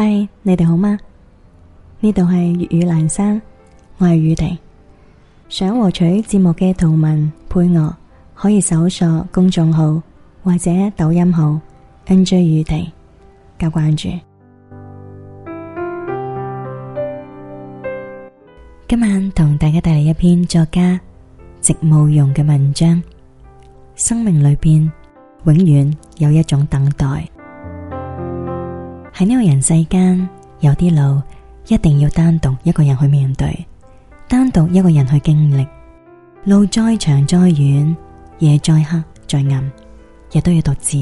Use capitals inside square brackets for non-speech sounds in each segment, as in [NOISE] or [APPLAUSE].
嗨，Hi，你哋好嗎？呢度係粵語闌珊，我係雨婷。想獲取節目嘅圖文配樂，可以搜索公眾號或者抖音號 N J 雨婷加關注。今晚同大家帶嚟一篇作家席慕蓉嘅文章《生命裏邊永遠有一種等待》。喺呢個人世間，有啲路一定要單獨一個人去面對，單獨一個人去經歷。路再長再遠，夜再黑再暗，亦都要獨自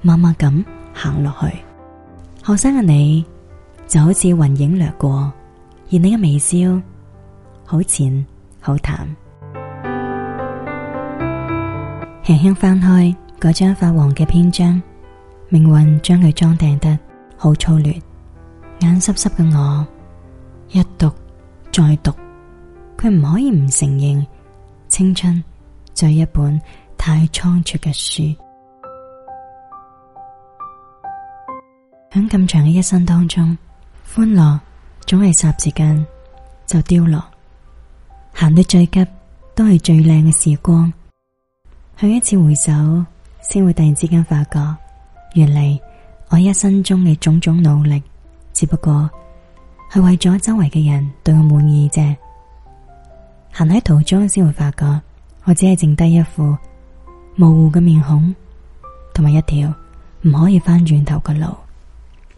默默咁行落去。學生嘅你就好似雲影掠過，而你嘅微笑好淺好淡。輕輕 [MUSIC] 翻開嗰張發黃嘅篇章，命運將佢裝訂得。.好粗劣。眼濕濕嘅我，一讀再讀，佢唔可以唔承認青春就係一本太倉促嘅書。響咁 [MUSIC] 長嘅一生當中，歡樂總係霎時間就凋落，行得最急都係最靚嘅時光。響一次回首，先會突然之間發覺，原嚟。我一生中嘅種種努力，只不過係為咗周圍嘅人對我滿意啫。行喺途中先會發覺，我只係剩低一副模糊嘅面孔，同埋一條唔可以翻轉頭嘅路。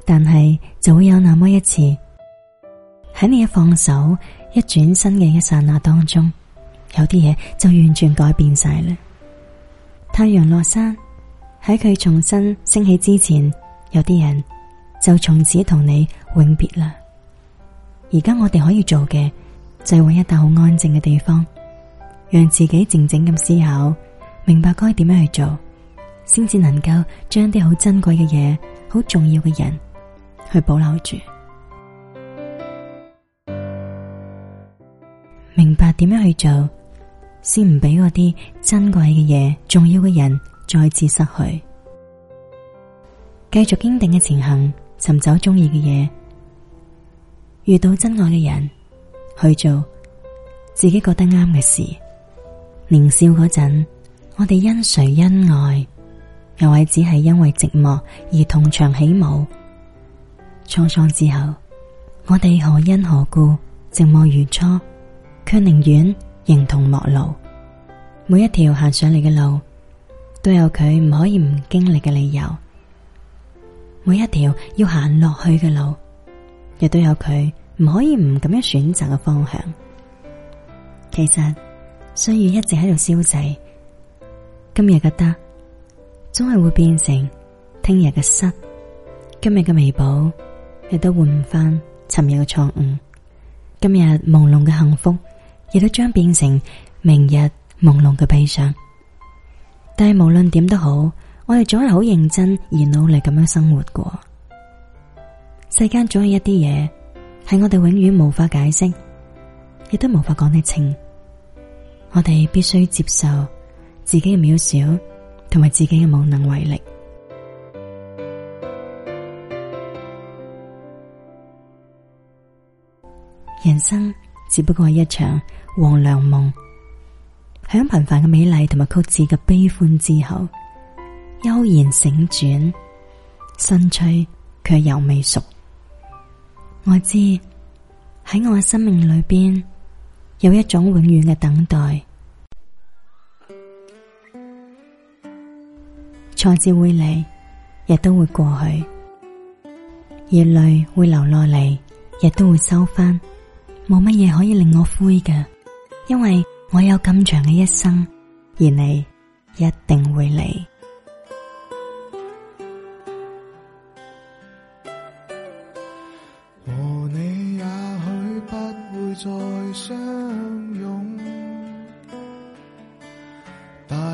但係就會有那麼一次，喺你一放手，一轉身嘅一剎那當中，有啲嘢就完全改變晒啦。太陽落山，喺佢重新升起之前。有啲人就從此同你永別啦。而家我哋可以做嘅，就係揾一笪好安靜嘅地方，讓自己靜靜咁思考，明白該點樣去做，先至能夠將啲好珍貴嘅嘢、好重要嘅人去保留住。明白點樣去做，先唔俾嗰啲珍貴嘅嘢、重要嘅人再次失去。繼續堅定嘅前行，尋找中意嘅嘢，遇到真愛嘅人，去做自己覺得啱嘅事。年少嗰陣，我哋因誰恩愛，又係只係因為寂寞而同場起舞。滄桑之後，我哋何因何故，寂寞如初，卻寧願形同陌路。每一條行上嚟嘅路，都有佢唔可以唔經歷嘅理由。每一條要行落去嘅路，亦都有佢唔可以唔咁樣選擇嘅方向。其實歲月一直喺度消逝，今日嘅得，總係會變成聽日嘅失；今日嘅彌補，亦都換唔翻尋日嘅錯誤；今日朦朧嘅幸福，亦都將變成明日朦朧嘅悲傷。但係無論點都好。我哋總係好認真而努力咁樣生活過，世間總有一啲嘢係我哋永遠無法解釋，亦都無法講得清。我哋必須接受自己嘅渺小，同埋自己嘅無能為力。人生只不過係一場黃粱夢，響平凡嘅美麗同埋曲折嘅悲歡之後。悠然醒轉，新趣卻又未熟。我知，喺我嘅生命裏邊有一種永遠嘅等待，挫折會嚟，亦都會過去；熱淚會流落嚟，亦都會收翻。冇乜嘢可以令我灰噶，因為我有咁長嘅一生，而你一定會嚟。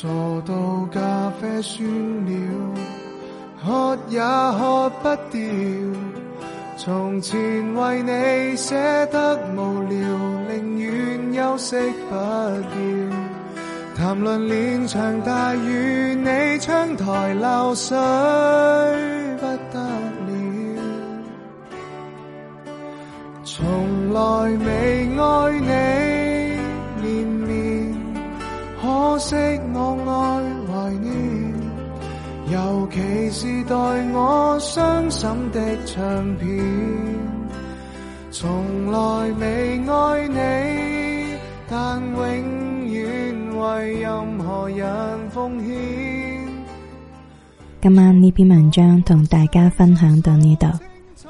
坐到咖啡酸了，喝也喝不掉。從前為你寫得無聊，寧願休息不要。談論連場大雨，你窗台漏水不得了。從來未。我傷心的唱片，從來未愛你，但永遠為任何人。奉獻今晚呢篇文章同大家分享到呢度。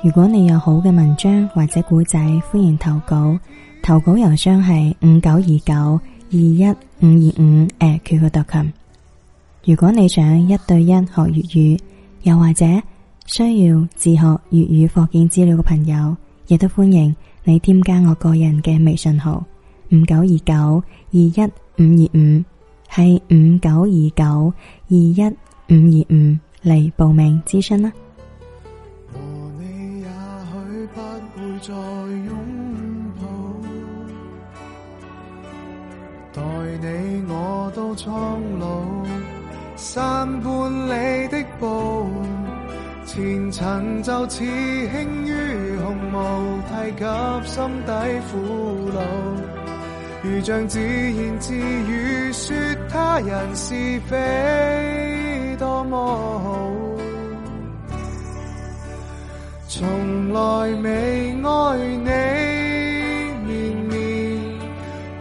如果你有好嘅文章或者古仔，歡迎投稿。投稿郵箱係五九二九二一五二五。誒，QQ 點 com。如果你想一對一學粵語。又或者需要自學粵語課件資料嘅朋友，亦都歡迎你添加我個人嘅微信號五九二九二一五二五，係五九二九二一五二五嚟報名諮詢啦。和你也許不會再擁抱，待你我都蒼老。散半里的步，前塵，就似輕於鴻毛，提及心底苦惱，如像自言自語說他人是非，多麼好。從來未愛你，綿綿，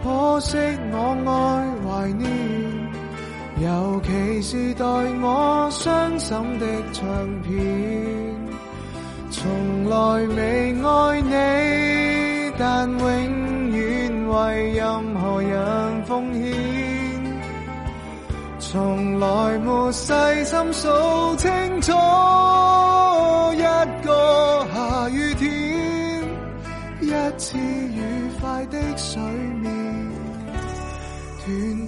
可惜我愛懷念。尤其是代我傷心的唱片，從來未愛你，但永遠為任何人奉獻，從來沒細心數清楚一個下雨天，一次愉快的水。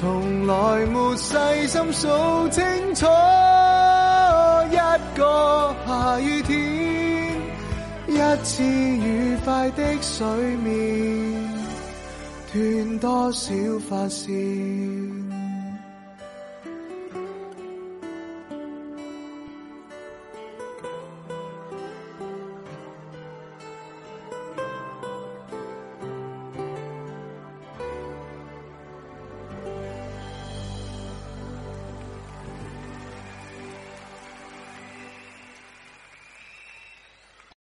從來沒細心數清楚一個下雨天，一次愉快的水面，斷多少髮線。